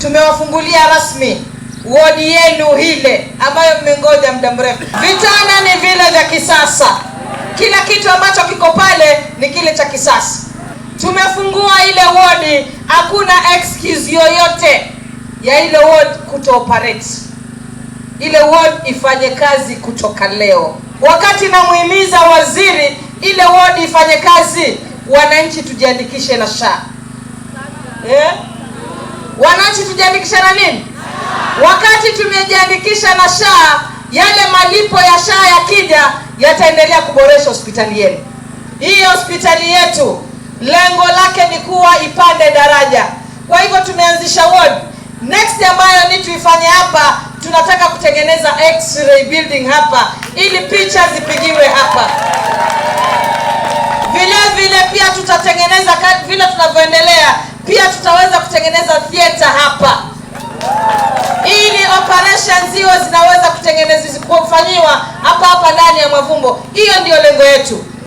tumewafungulia rasmi wodi yenu ile ambayo mmengoja muda mrefu. Vitanda ni vile vya kisasa, kila kitu ambacho kiko pale ni kile cha kisasa. Tumefungua ile wodi, hakuna excuse yoyote ya ile wodi kutooperate. Ile wodi ifanye kazi kutoka leo, wakati namuhimiza waziri ile wodi ifanye kazi, wananchi tujiandikishe na SHA, yeah. Wananchi tujiandikisha na nini? Wakati tumejiandikisha na SHA, yale malipo ya SHA yakija yataendelea kuboresha hospitali yenu. Hii hospitali yetu lengo lake ni kuwa ipande daraja. Kwa hivyo tumeanzisha ward. Next ambayo ni tuifanye hapa, tunataka kutengeneza x-ray building hapa ili picha zipigiwe hapa. Vile vile pia tutatengeneza pia tutaweza kutengeneza theta hapa ili operations hiyo zinaweza kutengenezwa kufanyiwa hapa hapa ndani ya mavumbo Hiyo ndio lengo yetu.